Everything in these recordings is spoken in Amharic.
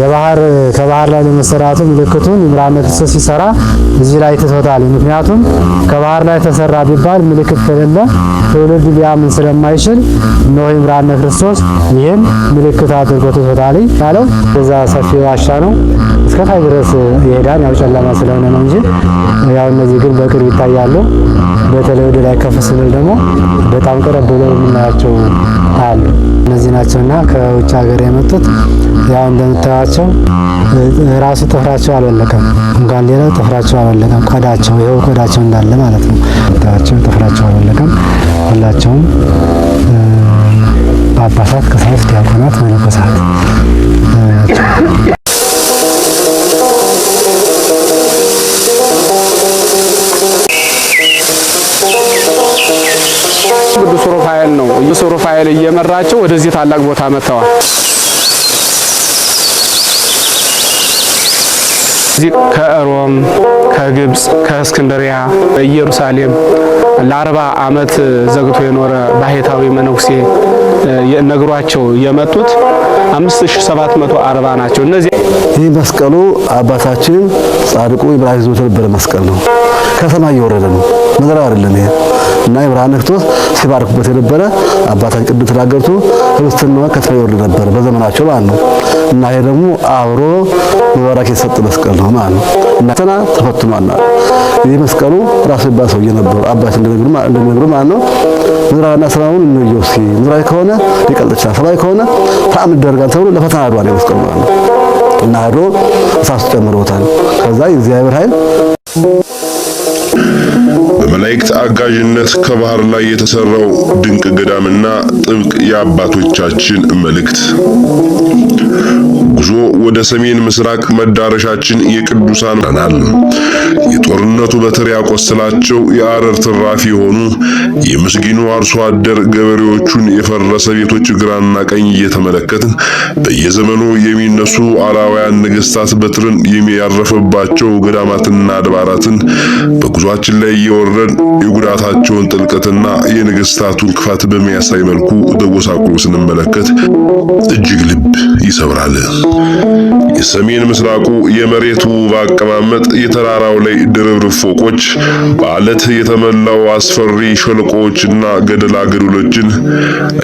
የባህር ከባህር ላይ ለመሰራቱ ምልክቱን ኢምራን ነፍስ ሲሰራ እዚህ ላይ ትቶታል። ምክንያቱም ከባህር ላይ ተሰራ ቢባል ምልክት ከሌለ ትውልድ ሊያምን ስለማይችል ነው። ኢምራን ክርስቶስ ይህን ምልክት አድርጎ ትቶታል ያለው በዛ ሰፊ ዋሻ ነው። እስከ ታይ ድረስ ይሄዳል። ያው ጨለማ ስለሆነ ነው እንጂ ያው እነዚህ ግን በቅርብ ይታያሉ። በተለይ ወደ ላይ ከፍ ስንል ደግሞ በጣም ቀረብ ብለው የምናያቸው አሉ። እነዚህ ናቸውና ከውጭ ሀገር የመጡት ያው እንደምታዩ ጥፍራቸው ራሱ ጥፍራቸው አልወለቀም፣ እንኳን ሌላ ጥፍራቸው አልወለቀም። ቆዳቸው ይኸው ቆዳቸው እንዳለ ማለት ነው። ቆዳቸው ጥፍራቸው አልወለቀም። ሁላቸውም ጳጳሳት፣ ቀሳውስት፣ ዲያቆናት፣ መነኮሳት ቅዱስ ሩፋኤል ነው። ቅዱስ ሩፋኤል እየመራቸው ወደዚህ ታላቅ ቦታ መጥተዋል። ስለዚህ ከሮም፣ ከግብፅ፣ ከእስክንድሪያ ኢየሩሳሌም ለአርባ ዓመት ዘግቶ የኖረ ባህታዊ መነኩሴ ነግሯቸው የመጡት 5740 ናቸው። እነዚህ ይህ መስቀሉ አባታችን ጻድቁ ኢብራሂም ይዞት የነበረ መስቀል ነው። ከሰማይ የወረደ ነው፣ ምድር አይደለም ይሄ እና የብርሃነ ክርስቶስ ሲባርኩበት የነበረ አባታችን ቅዱስ ተናገርቱ ክርስትና ከሰማይ የወረደ ነበር በዘመናቸው ማለት ነው። እና ይሄ ደግሞ አብሮ መባረክ የተሰጠ መስቀል ነው ማለት ነው። እና ተና ተፈትኗል። ይህ መስቀሉ ራሱ ይባል ሰውዬ ነበሩ አባታችን እንደነገሩ ማለት ነው። ምዝራና ስራውን እንየው እስኪ ምዝራዊ ከሆነ ሊቀልጥ ይችላል፣ ስራዊ ከሆነ ተአምር ይደረጋል ተብሎ ለፈተና አድሯል የመስቀሉ ማለት ነው። እና አድሮ እሳቱ ጨምሮታል። ከዛ የእግዚአብሔር ኃይል በመላእክት አጋዥነት ከባህር ላይ የተሰራው ድንቅ ገዳምና ጥብቅ የአባቶቻችን መልእክት ጉዞ ወደ ሰሜን ምስራቅ መዳረሻችን የቅዱሳን ናል የጦርነቱ በትር ያቆስላቸው የአረር ትራፊ የሆኑ የምስጊኑ አርሶ አደር ገበሬዎቹን የፈረሰ ቤቶች ግራና ቀኝ እየተመለከትን በየዘመኑ የሚነሱ አላውያን ነገስታት በትርን የሚያረፈባቸው ገዳማትና አድባራትን በጉዟችን ላይ እየወረድ አይደለም። የጉዳታቸውን ጥልቀትና የነገስታቱን ክፋት በሚያሳይ መልኩ ተጎሳቁሎ ስንመለከት እጅግ ልብ ይሰብራል። የሰሜን ምስራቁ የመሬቱ አቀማመጥ የተራራው ላይ ድርብርብ ፎቆች በአለት የተሞላው አስፈሪ ሸለቆዎችና ገደላ ገደሎችን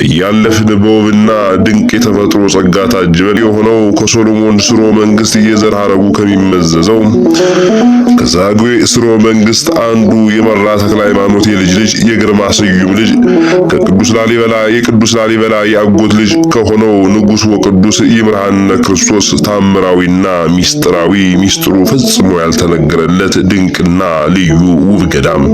እያለፍን በውብና ድንቅ የተፈጥሮ ጸጋ ታጅበን የሆነው ከሶሎሞን ስሮ መንግስት የዘር ሐረጉ ከሚመዘዘው ከዛጉዌ ስሮ መንግስት አንዱ የመራ ተክለ ሃይማኖት የልጅ ልጅ የግርማ ስዩም ልጅ ከቅዱስ ላሊበላ የቅዱስ ላሊበላ የአጎት ልጅ ከሆነው ንጉሥ ወቅዱስ ይምርሃነ ክርስቶስ ታምራዊና ሚስጥራዊ ሚስጥሩ ፈጽሞ ያልተነገረለት ድንቅና ልዩ ውብ ገዳም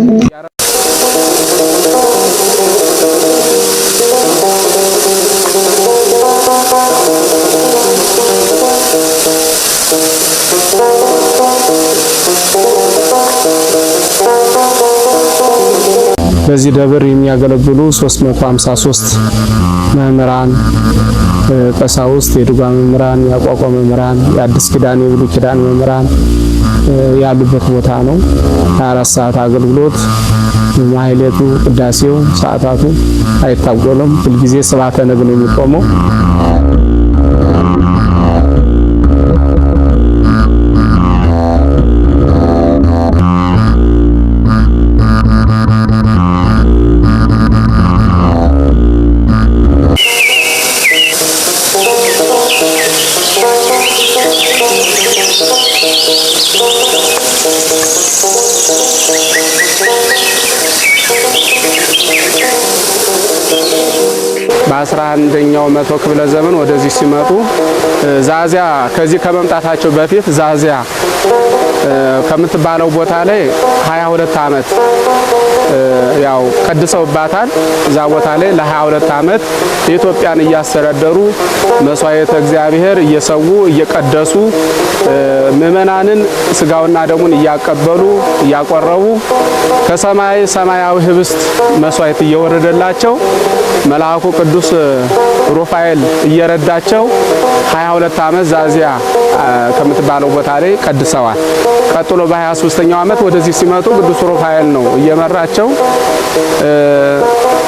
በዚህ ደብር የሚያገለግሉ 353 መምህራን ቀሳውስት፣ የድጓ መምህራን፣ የአቋቋ መምህራን፣ የአዲስ ኪዳን፣ የብሉይ ኪዳን መምህራን ያሉበት ቦታ ነው። 24 ሰዓት አገልግሎት ማህሌቱ፣ ቅዳሴው፣ ሰዓታቱ አይታጎልም። ሁልጊዜ ስብሐተ ነግህ ነው የሚቆመው። በአስራ አንደኛው መቶ ክፍለ ዘመን ወደዚህ ሲመጡ ዛዚያ ከዚህ ከመምጣታቸው በፊት ዛዚያ ከምትባለው ቦታ ላይ 22 ዓመት ያው ቀድሰውባታል። እዛ ቦታ ላይ ለ22 ዓመት ኢትዮጵያን እያስተዳደሩ መስዋዕት እግዚአብሔር እየሰዉ እየቀደሱ ምእመናንን ስጋውና ደሙን እያቀበሉ እያቆረቡ ከሰማይ ሰማያዊ ህብስት መስዋዕት እየወረደላቸው መልአኩ ቅዱስ ሩፋኤል እየረዳቸው 22 ዓመት ዛዚያ ከምትባለው ቦታ ላይ ቀድሰ ደርሰዋል። ቀጥሎ በ23ኛው ዓመት ወደዚህ ሲመጡ ቅዱስ ሩፋኤል ነው እየመራቸው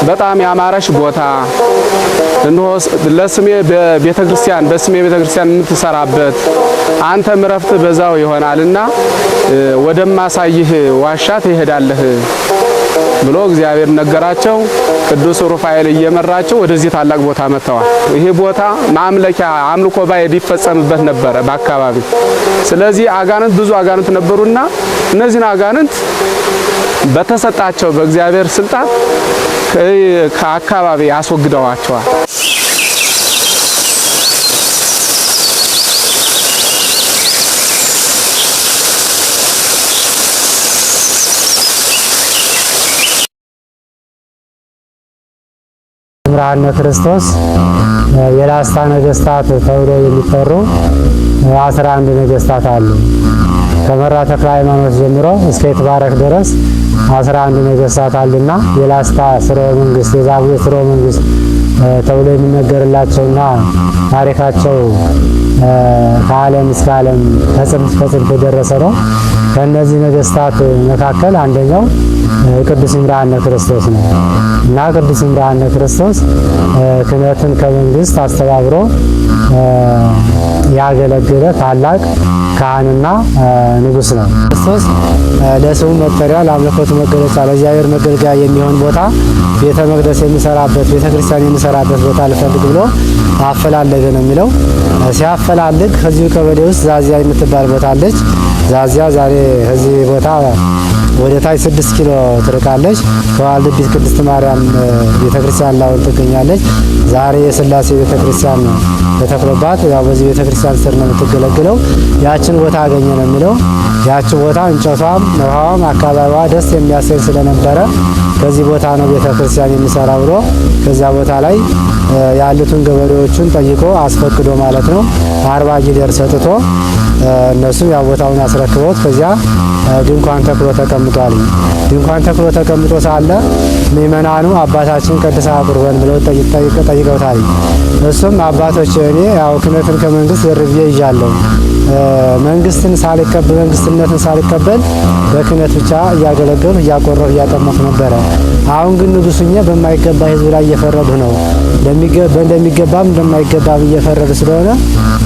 በጣም ያማረሽ ቦታ እንሆ ለስሜ ቤተ ክርስቲያን በስሜ ቤተ ክርስቲያን የምትሰራበት አንተ እረፍት በዛው ይሆናልና ወደማሳይህ ዋሻ ትሄዳለህ ብሎ እግዚአብሔር ነገራቸው። ቅዱስ ሩፋኤል እየመራቸው ወደዚህ ታላቅ ቦታ መጥተዋል። ይሄ ቦታ ማምለኪያ አምልኮ ባይ ቢፈጸምበት ነበረ በአካባቢ። ስለዚህ አጋንንት ብዙ አጋንንት ነበሩና እነዚህን አጋንንት በተሰጣቸው በእግዚአብሔር ስልጣን ከአካባቢ ያስወግደዋቸዋል። ብርሃነ ክርስቶስ የላስታ ነገስታት ተብለው የሚጠሩ አስራ አንድ ነገስታት አሉ። ከመራ ተክለ ሃይማኖት ጀምሮ እስከ የተባረክ ድረስ አስራ አንድ ነገስታት አሉና የላስታ ስርወ መንግስት፣ የዛጉዌ ስርወ መንግስት ተብሎ የሚነገርላቸውና ታሪካቸው ከዓለም እስከ ዓለም ከጽንፍ ከጽንፍ የደረሰ ነው። ከእነዚህ ነገስታት መካከል አንደኛው ቅዱስ ይምርሃነ ክርስቶስ ነው እና ቅዱስ ይምርሃነ ክርስቶስ ክህነትን ከመንግስት አስተባብሮ ያገለገለ ታላቅ ካህንና ንጉስ ነው። ክርስቶስ ለስሙ መጠሪያ፣ ለአምልኮቱ መገለጫ፣ ለእግዚአብሔር መገልገያ የሚሆን ቦታ ቤተ መቅደስ የሚሰራበት ቤተ ክርስቲያን የሚሰራበት ቦታ ልፈልግ ብሎ አፈላለገ ነው የሚለው። ሲያፈላልግ ከዚሁ ቀበሌ ውስጥ ዛዚያ የምትባል ቦታ አለች። ዛዚያ ዛሬ ከዚህ ቦታ ወደ ታች ስድስት ኪሎ ትርቃለች። ከዋልድቢት ቅድስት ማርያም ቤተክርስቲያን ላይ ትገኛለች። ዛሬ የስላሴ ቤተክርስቲያን ነው የተተክሎባት። ያው በዚህ ቤተክርስቲያን ስር ነው የምትገለግለው። ያችን ቦታ አገኘ ነው የሚለው ያችን ቦታ እንጨቷም፣ ውሃዋም፣ አካባቢዋ ደስ የሚያሰኝ ስለነበረ ከዚህ ቦታ ነው ቤተክርስቲያን የሚሰራ ብሎ ከዚያ ቦታ ላይ ያሉትን ገበሬዎቹን ጠይቆ አስፈቅዶ ማለት ነው አርባ ጊደር ሰጥቶ እነሱ ያው ቦታውን አስረክበውት ከዚያ ድንኳን ተክሎ ተቀምጧል። ድንኳን ተክሎ ተቀምጦ ሳለ ምእመናኑ አባታችን ቅድሳ ቁርበን ብለው ጠይቀውታል። እሱም አባቶች እኔ ያው ክመክን ከመንግስት ዘርብዬ ይዣለሁ መንግስትን ሳልቀበል መንግስትነትን ሳልቀበል በክህነት ብቻ እያገለገሉ እያቆረሁ እያጠመኩ ነበረ። አሁን ግን ንጉሱኛ በማይገባ ህዝብ ላይ እየፈረዱ ነው። እንደሚገባም እንደማይገባም እየፈረዱ ስለሆነ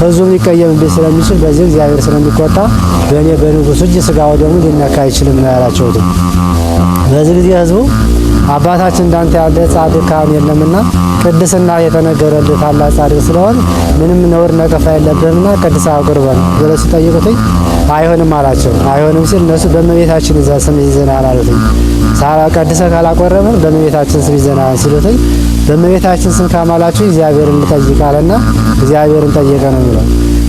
ህዝቡ ሊቀየምብኝ ስለሚችል በዚህ እግዚአብሔር ስለሚቆጣ በእኔ በንጉሱ እጅ ስጋ ወደሙ ሊነካ አይችልም ነው በዚህ ጊዜ ህዝቡ አባታችን እንዳንተ ያለ ጻድቅ ካህን የለምና ቅድስና የተነገረልህ ታላቅ ጻድቅ ስለሆን ምንም ነውር ነቀፋ የለብህምና ቅድስ አህጉር ብለው ሲጠይቁትኝ አይሆንም አላቸው። አይሆንም ሲል እነሱ በእመቤታችን እዛ ስም ይዘናል አሉትኝ። ቀድሰ ካላቆረብን በእመቤታችን ስም ይዘናል ሲሉትኝ በእመቤታችን ስም ካማላችሁ እግዚአብሔርን እንጠይቃለና እግዚአብሔርን ጠየቀ ነው የሚለው።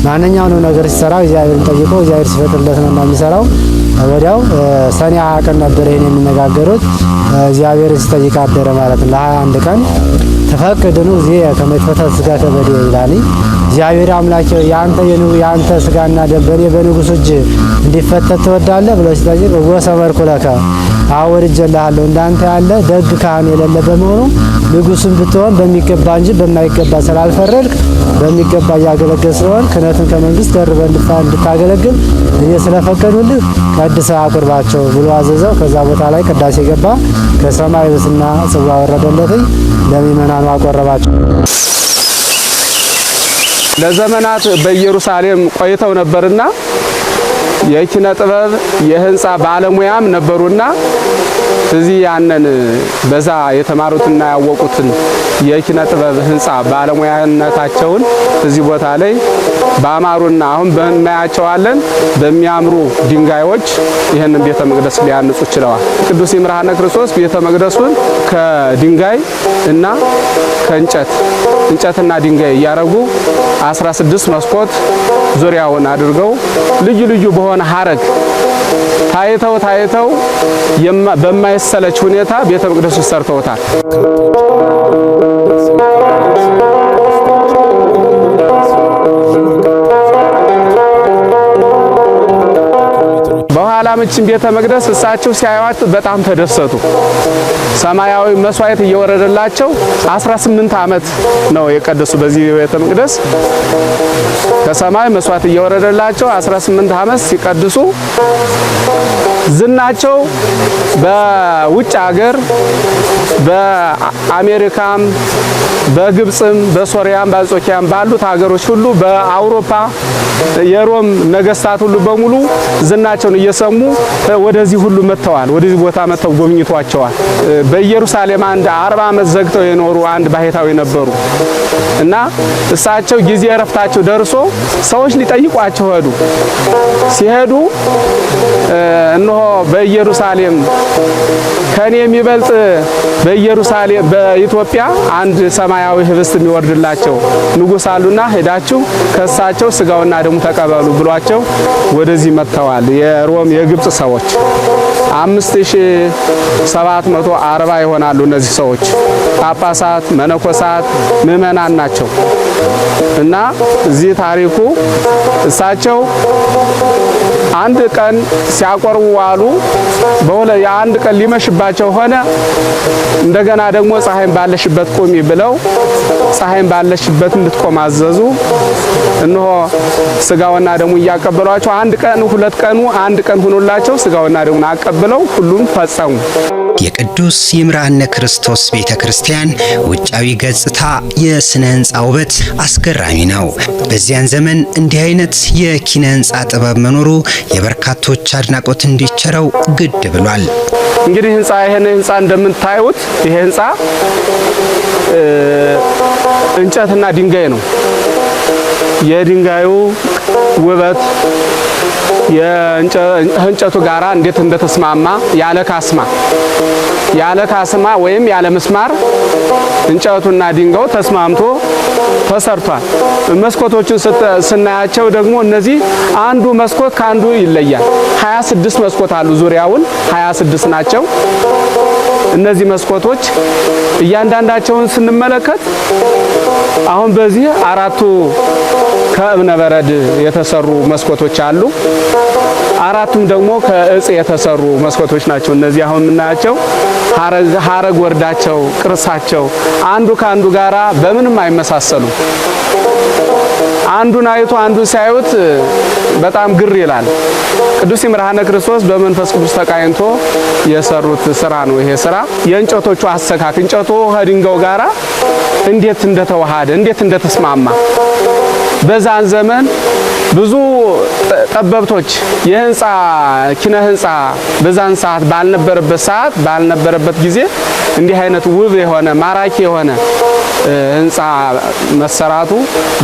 ማንኛውንም ነገር ሲሰራው እግዚአብሔርን ጠይቆ እግዚአብሔር ሲፈጥርለት ነው የሚሰራው። ወዲያው ሰኔ ሀያ ቀን ነበር ይህን የሚነጋገሩት። እግዚአብሔር ስጠይቅ አደረ ማለት ነው። ለሀያ አንድ ቀን ተፈቅድኑ ጊዜ ከመፈተት ስጋ ከበድ ይላል እግዚአብሔር አምላክ የአንተ የአንተ ስጋና ደም በኔ በንጉሥ እጅ እንዲፈተት ትወዳለህ ብሎ ሲጠይቅ ወሰመርኩ ለከ አወድጀልሃለሁ እንዳንተ ያለ ደግ ካህን የሌለ በመሆኑ ንጉስም ብትሆን በሚገባ እንጂ በማይገባ ስላልፈረድክ በሚገባ እያገለገል ስለሆን ክህነትን ከመንግስት ደርበ እንድታገለግል እየ ስለፈቀዱልህ ቀድሰህ አቅርባቸው ብሎ አዘዘው። ከዛ ቦታ ላይ ቅዳሴ ገባ። ከሰማይ ብስና ጽዋ ወረደለትኝ ለሚመናኑ አቆረባቸው። ለዘመናት በኢየሩሳሌም ቆይተው ነበርና የኪነ ጥበብ የህንፃ ባለሙያም ነበሩና እዚህ ያንን በዛ የተማሩትና ያወቁትን የኪነ ጥበብ ህንፃ ባለሙያነታቸውን እዚህ ቦታ ላይ ባማሩና አሁን በእናያቸዋለን በሚያምሩ ድንጋዮች ይህንን ቤተ መቅደስ ሊያንጹ ችለዋል። ቅዱስ ይምርሃነ ክርስቶስ ቤተ መቅደሱን ከድንጋይ እና ከእንጨት እንጨትና ድንጋይ እያረጉ 16 መስኮት ዙሪያውን አድርገው ልዩ ልዩ በሆነ ሀረግ ታይተው ታይተው በማይሰለች ሁኔታ ቤተ መቅደሱ ሰርተውታል። የአዳም ቤተ መቅደስ እሳቸው ሲያዩት በጣም ተደሰቱ። ሰማያዊ መስዋዕት እየወረደላቸው 18 ዓመት ነው የቀደሱ በዚህ ቤተ መቅደስ ከሰማይ መስዋዕት እየወረደላቸው 18 ዓመት ሲቀድሱ ዝናቸው በውጭ ሀገር በአሜሪካም በግብፅም በሶሪያም በአንጾኪያም ባሉት ሀገሮች ሁሉ በአውሮፓ የሮም ነገስታት ሁሉ በሙሉ ዝናቸውን እየሰሙ ወደዚህ ሁሉ መጥተዋል። ወደዚህ ቦታ መጥተው ጎብኝቷቸዋል። በኢየሩሳሌም አንድ አርባ ዓመት ዘግተው የኖሩ አንድ ባሄታዊ ነበሩ እና እሳቸው ጊዜ እረፍታቸው ደርሶ ሰዎች ሊጠይቋቸው ሄዱ። ሲሄዱ እነሆ በኢየሩሳሌም ከኔ የሚበልጥ በኢየሩሳሌም በኢትዮጵያ አንድ ሰማያዊ ህብስት የሚወርድላቸው ንጉስ አሉና ሄዳችሁ ከሳቸው ስጋውና ደሙ ተቀበሉ ብሏቸው ወደዚህ መጥተዋል። የሮም የግብጽ ሰዎች 5740 ይሆናሉ። እነዚህ ሰዎች ጳጳሳት፣ መነኮሳት፣ ምእመናን ናቸው እና እዚህ ታሪኩ እሳቸው አንድ ቀን ሲያቆርቡ ዋሉ። የአንድ ቀን ሊመሽባቸው ሆነ። እንደገና ደግሞ ፀሐይን ባለሽበት ቁሚ ብለው ፀሐይን ባለሽበት እንድትቆም አዘዙ። እነሆ ስጋውና ደሙ እያቀበሏቸው አንድ ቀን ሁለት ቀኑ አንድ ቀን ሆኖላቸው ስጋውና ደሙን አቀብለው ሁሉም ፈጸሙ። የቅዱስ ይምርሃነ ክርስቶስ ቤተ ክርስቲያን ውጫዊ ገጽታ የስነ ህንፃ ውበት አስገራሚ ነው። በዚያን ዘመን እንዲህ አይነት የኪነ ህንፃ ጥበብ መኖሩ የበርካቶች አድናቆት እንዲቸረው ግድ ብሏል። እንግዲህ ህንፃ ይሄን ህንፃ እንደምታዩት ይሄ ህንፃ እንጨትና ድንጋይ ነው። የድንጋዩ ውበት የእንጨቱ ጋራ እንዴት እንደተስማማ ያለ ካስማ ያለ ካስማ ወይም ያለ ምስማር እንጨቱና ድንጋው ተስማምቶ ተሰርቷል። መስኮቶቹን ስናያቸው ደግሞ እነዚህ አንዱ መስኮት ከአንዱ ይለያል። 26 መስኮት አሉ። ዙሪያውን 26 ናቸው። እነዚህ መስኮቶች እያንዳንዳቸውን ስንመለከት አሁን በዚህ አራቱ ከእብነ በረድ የተሰሩ መስኮቶች አሉ። አራቱም ደግሞ ከእጽ የተሰሩ መስኮቶች ናቸው። እነዚህ አሁን የምናያቸው ሀረግ ወርዳቸው፣ ቅርሳቸው አንዱ ከአንዱ ጋራ በምንም አይመሳሰሉም። አንዱን አይቶ አንዱን ሲያዩት በጣም ግር ይላል። ቅዱስ ይምርሃነ ክርስቶስ በመንፈስ ቅዱስ ተቃኝቶ የሰሩት ስራ ነው። ይሄ ስራ የእንጨቶቹ አሰካክ እንጨቱ ከድንጋው ጋራ እንዴት እንደተዋሃደ እንዴት እንደተስማማ በዛን ዘመን ብዙ ጠበብቶች የህንፃ ኪነ ህንፃ በዛን ሰዓት ባልነበረበት ሰዓት ባልነበረበት ጊዜ እንዲህ አይነት ውብ የሆነ ማራኪ የሆነ ህንፃ መሰራቱ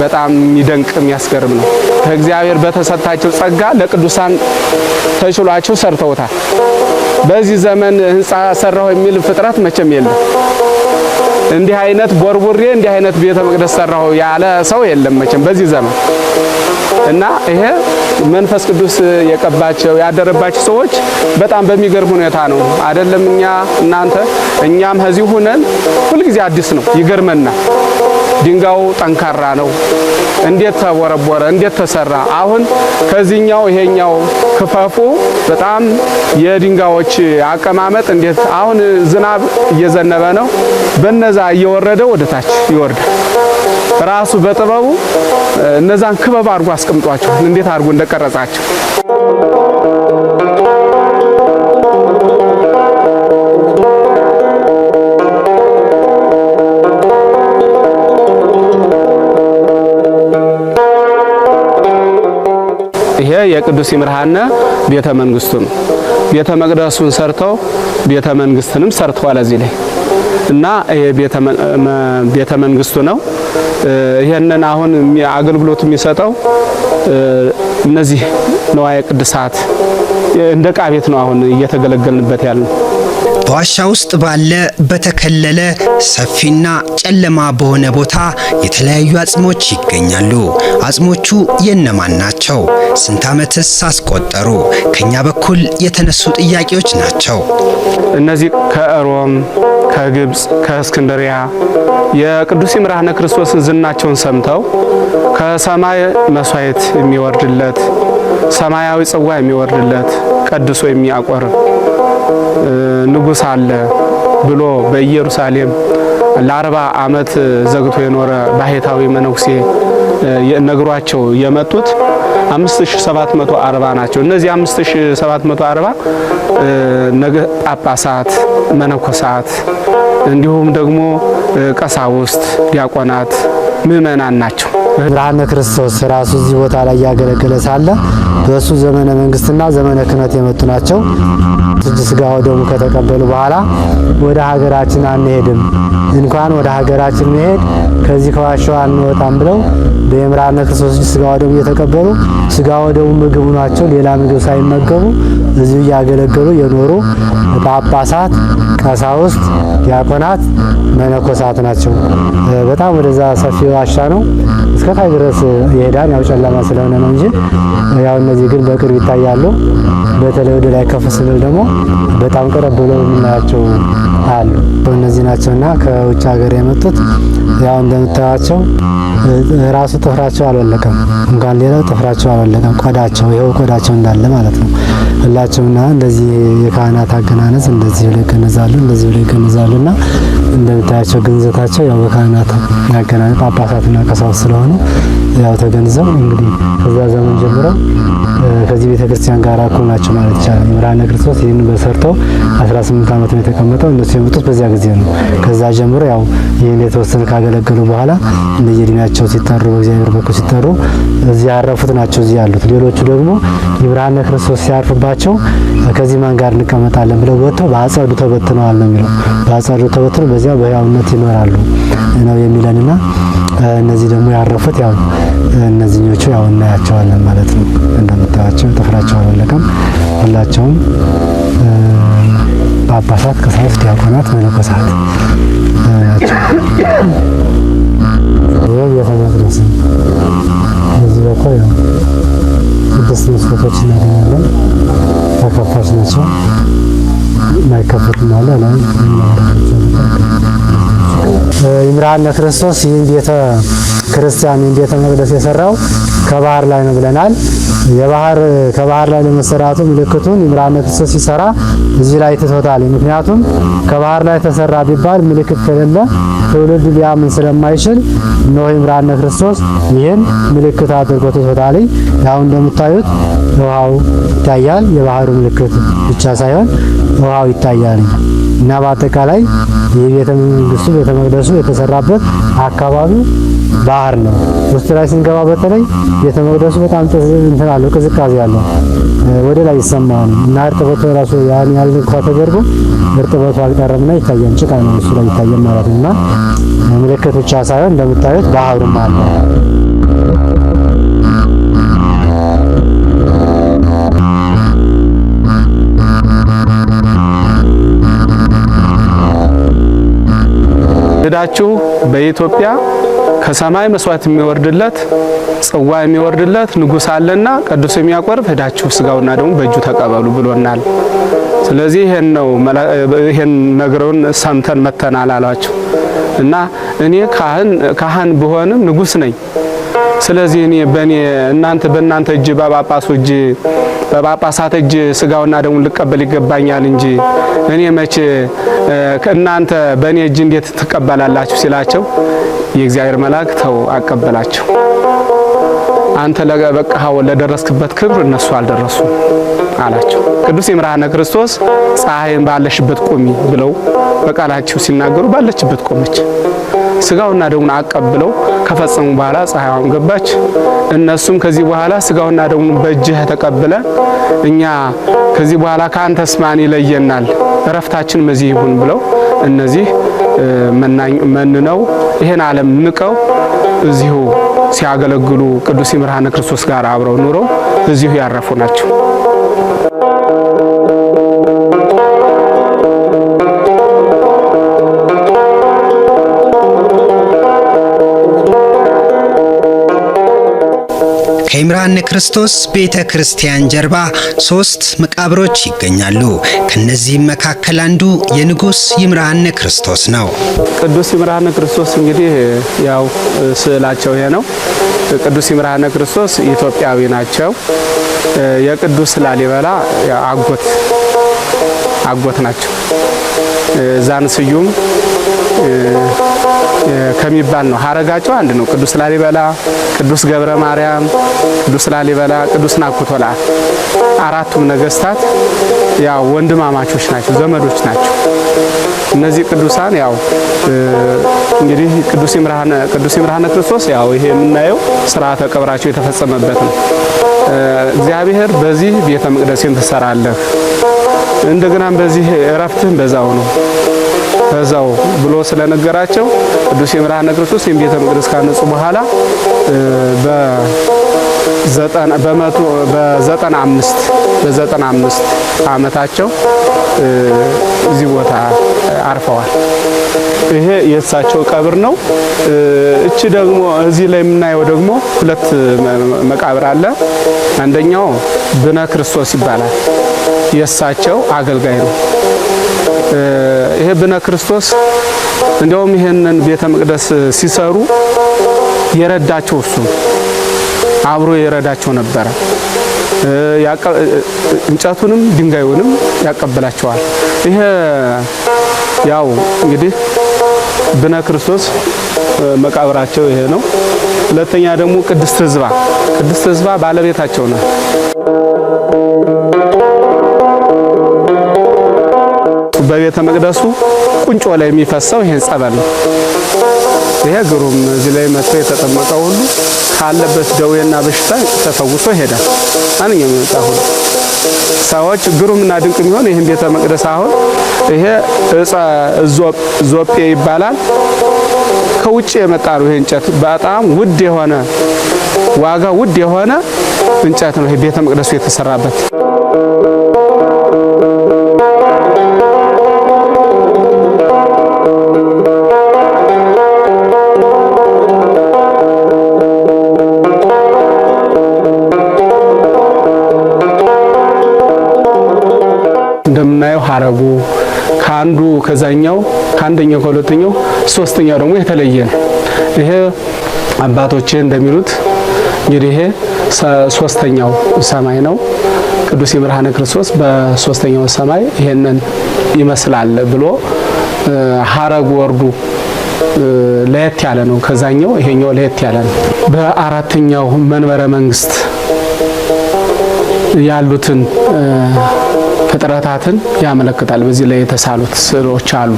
በጣም የሚደንቅ የሚያስገርም ነው። ከእግዚአብሔር በተሰጣቸው ጸጋ ለቅዱሳን ተችሏቸው ሰርተውታል። በዚህ ዘመን ህንፃ ሰራሁ የሚል ፍጥረት መቼም የለም። እንዲህ አይነት ቦርቡሬ እንዲህ አይነት ቤተ መቅደስ ሰራሁ ያለ ሰው የለም መቼም በዚህ ዘመን እና ይሄ መንፈስ ቅዱስ የቀባቸው ያደረባቸው ሰዎች በጣም በሚገርም ሁኔታ ነው። አይደለም እኛ እናንተ እኛም ከዚህ ሁነን ሁልጊዜ አዲስ ነው ይገርመናል። ድንጋዩ ጠንካራ ነው። እንዴት ተቦረቦረ? እንዴት ተሰራ? አሁን ከዚህኛው ይሄኛው ክፈፉ በጣም የድንጋዮች አቀማመጥ እንዴት አሁን ዝናብ እየዘነበ ነው። በነዛ እየወረደ ወደ ታች ይወርዳል። ራሱ በጥበቡ እነዛን ክበብ አድርጎ አስቀምጧቸው እንዴት አድርጎ እንደቀረጻቸው ቅዱስ ይምርሃነ ቤተ መንግስቱ ነው። ቤተ መቅደሱን ሰርተው ቤተ መንግስትንም ሰርተዋል እዚህ ላይ እና ቤተ መንግስቱ ነው። ይህንን አሁን አገልግሎት የሚሰጠው እነዚህ ነዋየ ቅድሳት እንደ ዕቃ ቤት ነው አሁን እየተገለገልንበት ያለ በዋሻ ውስጥ ባለ በተከለለ ሰፊና ጨለማ በሆነ ቦታ የተለያዩ አጽሞች ይገኛሉ። አጽሞቹ የነማን ናቸው? ስንት ዓመትስ አስቆጠሩ? ከኛ በኩል የተነሱ ጥያቄዎች ናቸው። እነዚህ ከሮም፣ ከግብፅ፣ ከእስክንድሪያ የቅዱስ ይምርሃነ ክርስቶስን ዝናቸውን ሰምተው ከሰማይ መስዋዕት የሚወርድለት ሰማያዊ ጽዋ የሚወርድለት ቀድሶ የሚያቆርብ ንጉስ አለ ብሎ በኢየሩሳሌም ለአርባ ዓመት ዘግቶ የኖረ ባሕታዊ መነኩሴ ነግሯቸው የመጡት 5740 ናቸው። እነዚህ 5740 ነገ ጳጳሳት፣ መነኮሳት እንዲሁም ደግሞ ቀሳውስት፣ ዲያቆናት፣ ምእመናን ናቸው። ብርሃነ ክርስቶስ ራሱ እዚህ ቦታ ላይ ያገለገለ ሳለ የእሱ ዘመነ መንግስትና ዘመነ ክህነት የመጡ ናቸው። ስጋ ወደሙ ከተቀበሉ በኋላ ወደ ሀገራችን አንሄድም እንኳን ወደ ሀገራችን መሄድ ከዚህ ከዋሻዋ አንወጣም ብለው በየምራነ ክርስቶስ ስጋ ወደሙ እየተቀበሉ ስጋ ወደሙ ምግቡ ናቸው። ሌላ ምግብ ሳይመገቡ እዚሁ እያገለገሉ የኖሩ ጳጳሳት፣ ቀሳውስት፣ ዲያቆናት፣ መነኮሳት ናቸው። በጣም ወደዛ ሰፊ ዋሻ ነው እስከታይ ድረስ የሄዳን ያው ጨለማ ስለሆነ ነው እንጂ ያው እነዚህ ግን በቅርብ ይታያሉ። በተለይ ወደ ላይ ከፍ ስንል ደግሞ በጣም ቀረብ ብለው የምናያቸው አሉ። እነዚህ ናቸውና ከውጭ ሀገር የመጡት ያው እንደምታያቸው ራሱ ጥፍራቸው አልወለቀም፣ እንኳን ሌላው ጥፍራቸው አልወለቀም። ቆዳቸው ይኸው ቆዳቸው እንዳለ ማለት ነው። ሁላችሁምና እንደዚህ የካህናት አገናነጽ እንደዚህ ብለው ይገነዛሉ፣ እንደዚህ ብለው ይገነዛሉ እና እንደምታያቸው ግንዘታቸው ያው በካህናት አገናነጽ ጳጳሳትና ቀሳውስት ስለሆነ ያው ተገንዘው እንግዲህ ከዛ ዘመን ጀምረው ከዚህ ቤተክርስቲያን ጋር እኩል ናቸው ማለት ይቻላል። የብርሃነ ክርስቶስ ይህን በሰርተው 18 ዓመት ነው የተቀመጠው። እነሱ የመጡት በዚያ ጊዜ ነው። ከዛ ጀምሮ ያው ይህን የተወሰነ ካገለገሉ በኋላ እንደየድሜያቸው ሲጠሩ በእግዚአብሔር በኩል ሲጠሩ እዚህ ያረፉት ናቸው እዚህ ያሉት። ሌሎቹ ደግሞ የብርሃነ ክርስቶስ ሲያርፉ ስለነበረባቸው ከዚህ ማን ጋር እንቀመጣለን ብለው ወጥተው በአጸዱ ተበትነዋል ነው የሚለው። በአጸዱ ተበትነው በዚያ በሕያውነት ይኖራሉ ነው የሚለንና እነዚህ ደግሞ ያረፉት ያው እነዚህኞቹ ያው እናያቸዋለን ማለት ነው። እንደምታያቸው ጥፍራቸው አላለቀም። ሁላቸውም ጳጳሳት፣ ቀሳውስት፣ ዲያቆናት፣ መነኮሳት ናቸው። በኩል ያው ስድስት መስኮቶች እናገኛለን። ተከፋች ናቸው። የማይከፈቱም አለ። ይምርሃነ ክርስቶስ ይህን ቤተ ክርስቲያን ይህን ቤተ መቅደስ የሰራው ከባህር ላይ ነው ብለናል። የባህር ከባህር ላይ ለመሰራቱ ምልክቱን ይምርሃነ ክርስቶስ ሲሰራ እዚህ ላይ ትቶታል። ምክንያቱም ከባህር ላይ ተሰራ ቢባል ምልክት ከሌለ ትውልድ ሊያምን ስለማይችል እነሆ ብርሃነ ክርስቶስ ይህን ምልክት አድርጎት ይወጣልኝ። ያው እንደምታዩት ውሃው ይታያል። የባህሩ ምልክት ብቻ ሳይሆን ውሃው ይታያል። እና በአጠቃላይ የቤተ መንግስቱ ቤተ መቅደሱ የተሰራበት አካባቢ ባህር ነው። ውስጥ ላይ ስንገባ በተለይ ቤተ መቅደሱ በጣም እንትን አለው ቅዝቃዜ አለው ወደ ላይ ይሰማል እና እርጥበቱ ራሱ ያን ያህል እንኳ ተደርጎ እርጥበቱ አልቀረምና ይታያል። ጭቃ ነው እሱ ላይ ይታያል ማለት ነውና ምልክት ብቻ ሳይሆን እንደምታዩት ባህሩም አለ። ሄዳችሁ በኢትዮጵያ ከሰማይ መስዋዕት የሚወርድለት ጽዋ የሚወርድለት ንጉስ አለና ቅዱስ የሚያቆርብ ሄዳችሁ ስጋውና ደግሞ በእጁ ተቀበሉ ብሎናል። ስለዚህ ይሄን ነው ይሄን ነግረውን ሰምተን መተናል አሏቸው እና እኔ ካህን ካህን ብሆንም ንጉስ ነኝ ስለዚህ እኔ በእኔ እናንተ በእናንተ እጅ በጳጳሱ እጅ በጳጳሳት እጅ ስጋውና ደሙን ልቀበል ይገባኛል እንጂ እኔ መቼ እናንተ በእኔ እጅ እንዴት ትቀበላላችሁ? ሲላቸው የእግዚአብሔር መልአክ ተው አቀበላቸው። አንተ ለበቃኸው ለደረስክበት ክብር እነሱ አልደረሱም አላቸው። ቅዱስ ይምርሃነ ክርስቶስ ፀሐይን ባለሽበት ቆሚ ብለው በቃላቸው ሲናገሩ ባለችበት ቆመች። ስጋውና ደሙን አቀብለው ከፈጸሙ በኋላ ፀሐይዋም ገባች። እነሱም ከዚህ በኋላ ስጋውና ደሙን በእጅህ ተቀብለ እኛ ከዚህ በኋላ ከአንተ ስማን ይለየናል? እረፍታችን መዚህ ይሁን ብለው እነዚህ መንነው ይሄን ዓለም ንቀው እዚሁ ሲያገለግሉ ቅዱስ ይምርሃነ ክርስቶስ ጋር አብረው ኑረው እዚሁ ያረፉ ናቸው። በመምህራን ክርስቶስ ቤተ ክርስቲያን ጀርባ ሶስት መቃብሮች ይገኛሉ። ከነዚህም መካከል አንዱ የንጉሥ ይምርሃነ ክርስቶስ ነው። ቅዱስ ይምርሃነ ክርስቶስ እንግዲህ ያው ስዕላቸው ይሄ ነው። ቅዱስ ይምርሃነ ክርስቶስ ኢትዮጵያዊ ናቸው። የቅዱስ ላሊበላ አጎት አጎት ናቸው። ዛን ስዩም ከሚባል ነው። ሀረጋቸው አንድ ነው። ቅዱስ ላሊበላ፣ ቅዱስ ገብረ ማርያም፣ ቅዱስ ላሊበላ፣ ቅዱስ ናኩቶላ አራቱም ነገስታት ያው ወንድማማቾች ናቸው፣ ዘመዶች ናቸው። እነዚህ ቅዱሳን ያው እንግዲህ ቅዱስ ይምርሃነ ቅዱስ ይምርሃነ ክርስቶስ ያው ይሄ የምናየው ስርዓተ ቀብራቸው የተፈጸመበት ነው። እግዚአብሔር በዚህ ቤተ መቅደሴን ትሰራለህ፣ እንደገናም በዚህ እረፍትህን በዛው ነው እዛው ብሎ ስለነገራቸው ቅዱስ የብርሃነ ክርስቶስ ይህም ቤተ መቅደስ ካነጹ በኋላ በዘጠና አምስት በዘጠና አምስት አመታቸው እዚህ ቦታ አርፈዋል። ይሄ የእሳቸው ቀብር ነው። እቺ ደግሞ እዚህ ላይ የምናየው ደግሞ ሁለት መቃብር አለ። አንደኛው ብነ ክርስቶስ ይባላል። የእሳቸው አገልጋይ ነው። ይሄ ብነ ክርስቶስ እንዲያውም ይሄንን ቤተ መቅደስ ሲሰሩ የረዳቸው እሱ አብሮ የረዳቸው ነበረ። እንጨቱንም ድንጋዩንም ያቀብላቸዋል። ይሄ ያው እንግዲህ ብነ ክርስቶስ መቃብራቸው ይሄ ነው። ሁለተኛ ደግሞ ቅድስት ሕዝባ ቅድስት ሕዝባ ባለቤታቸው ነው። በቤተ መቅደሱ ቁንጮ ላይ የሚፈሰው ይሄን ጸበል ነው። ይሄ ግሩም እዚህ ላይ መጥቶ የተጠመቀው ሁሉ ካለበት ደዌና በሽታ ተፈውሶ ይሄዳል። ማንኛውም የመጣ ሁሉ ሰዎች ግሩምና ድንቅ የሚሆን ይህን ቤተ መቅደስ አሁን ይሄ እጸ ዞጴ ይባላል። ከውጭ የመጣ ነው። ይሄ እንጨት በጣም ውድ የሆነ ዋጋ ውድ የሆነ እንጨት ነው። ይሄ ቤተ መቅደሱ የተሰራበት የምናየው ሀረጉ ከአንዱ ከዛኛው ከአንደኛው ከሁለተኛው ሶስተኛው ደግሞ የተለየ ነው። ይሄ አባቶቼ እንደሚሉት እንግዲህ ይሄ ሶስተኛው ሰማይ ነው። ቅዱስ ይምርሃነ ክርስቶስ በሶስተኛው ሰማይ ይሄንን ይመስላል ብሎ ሀረጉ ወርዱ ለየት ያለ ነው። ከዛኛው ይሄኛው ለየት ያለ ነው። በአራተኛው መንበረ መንግስት ያሉትን ፍጥረታትን ያመለክታል። በዚህ ላይ የተሳሉት ስዕሎች አሉ።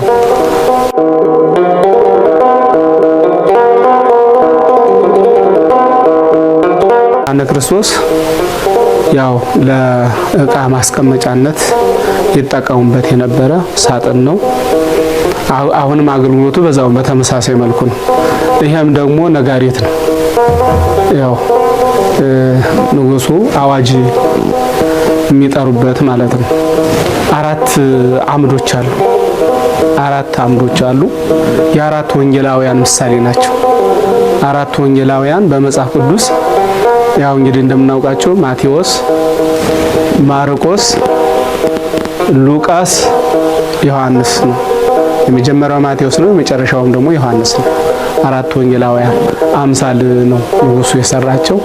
አነ ክርስቶስ ያው ለእቃ ማስቀመጫነት ይጠቀሙበት የነበረ ሳጥን ነው። አሁንም አገልግሎቱ በዛው በተመሳሳይ መልኩ ነው። ይሄም ደግሞ ነጋሪት ነው። ያው ንጉሱ አዋጅ የሚጠሩበት ማለት ነው። አራት አምዶች አሉ። አራት አምዶች አሉ። የአራት ወንጌላውያን ምሳሌ ናቸው። አራት ወንጌላውያን በመጽሐፍ ቅዱስ ያው እንግዲህ እንደምናውቃቸው ማቴዎስ፣ ማርቆስ፣ ሉቃስ፣ ዮሐንስ ነው። የመጀመሪያው ማቴዎስ ነው፣ የመጨረሻውም ደግሞ ዮሐንስ ነው። አራት ወንጌላውያን አምሳል ነው ንጉሱ የሰራቸው።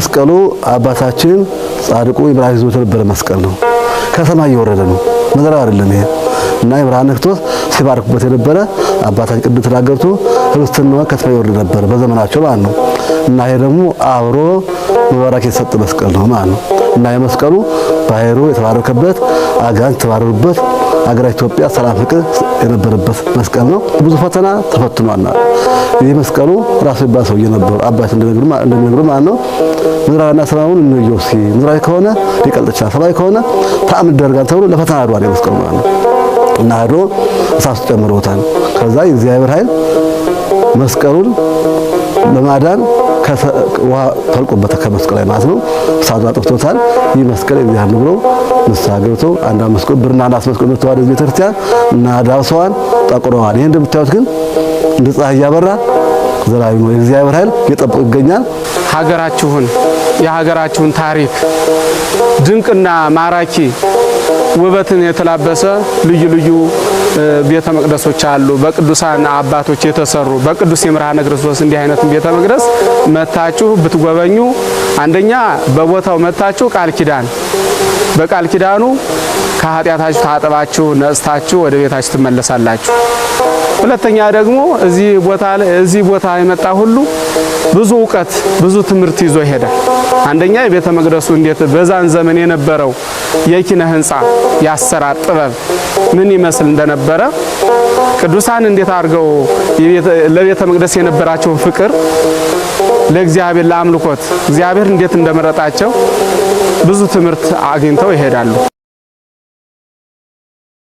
መስቀሉ አባታችን ጻድቁ ይብራሂም ይዞት የነበረ መስቀል ነው። ከሰማይ የወረደ ነው፣ መዘራ አይደለም ይሄ እና የብርሃነ ክርስቶስ ሲባርኩበት የነበረ አባታችን ቅድም ተናገርቱ ህብስትና ከሰማይ የወረደ ነበረ በዘመናቸው ማለት ነው። እና ይሄ ደግሞ አብሮ መባረክ የተሰጠ መስቀል ነው ማለት ነው። እና የመስቀሉ ባህሩ የተባረከበት አጋን የተባረሩበት አገራ ኢትዮጵያ ሰላም፣ ፍቅር የነበረበት መስቀል ነው። ብዙ ፈተና ተፈትኗል። ይህ መስቀሉ ራሱ ይባል ሰውዬ ነበር አባት እንደነገሩ ማለት ነው። ምድራዊና ሰማያዊውን እንየው እስኪ፣ ምድራዊ ከሆነ ሊቀልጥ ይችላል፣ ሰማያዊ ከሆነ ተአምር ይደረጋል ተብሎ ለፈተና አድሯል። የመስቀሉ ማለት ነው እና አድሮ እሳት ጨምሮታል። ከዛ የእግዚአብሔር ኃይል መስቀሉን ለማዳን ውሃ ተልቆበት ከመስቀል ላይ ማለት ነው። እሳቱን አጥፍቶታል። ይህ መስቀል የእግዚአብሔር ነው ብለው ንስሐ ገብቶ አንድ አምስት ቆብ ብርና አንድ አምስት ቆብ ተዋሕዶ ቤተክርስቲያን እና ዳብሰዋን ጠቁረዋል። ይሄን እንደምታዩት ግን እንደ ፀሐይ እያበራ ዘላዊ ነው የእግዚአብሔር ኃይል እየጠብቅ ይገኛል። ሀገራችሁን የሀገራችሁን ታሪክ ድንቅና ማራኪ ውበትን የተላበሰ ልዩ ልዩ ቤተ መቅደሶች አሉ። በቅዱሳን አባቶች የተሰሩ በቅዱስ ይምርሃነ ክርስቶስ እንዲህ አይነት ቤተ መቅደስ መታችሁ ብትጎበኙ አንደኛ በቦታው መታችሁ ቃል ኪዳን በቃል ኪዳኑ ከኃጢአታችሁ ታጥባችሁ ነጽታችሁ ወደ ቤታችሁ ትመለሳላችሁ። ሁለተኛ ደግሞ እዚህ ቦታ እዚህ ቦታ የመጣ ሁሉ ብዙ እውቀት ብዙ ትምህርት ይዞ ይሄዳል። አንደኛ የቤተ መቅደሱ እንዴት በዛን ዘመን የነበረው የኪነ ህንፃ የአሰራር ጥበብ ምን ይመስል እንደነበረ ቅዱሳን እንዴት አድርገው ለቤተ መቅደስ የነበራቸውን ፍቅር ለእግዚአብሔር ለአምልኮት እግዚአብሔር እንዴት እንደመረጣቸው ብዙ ትምህርት አግኝተው ይሄዳሉ።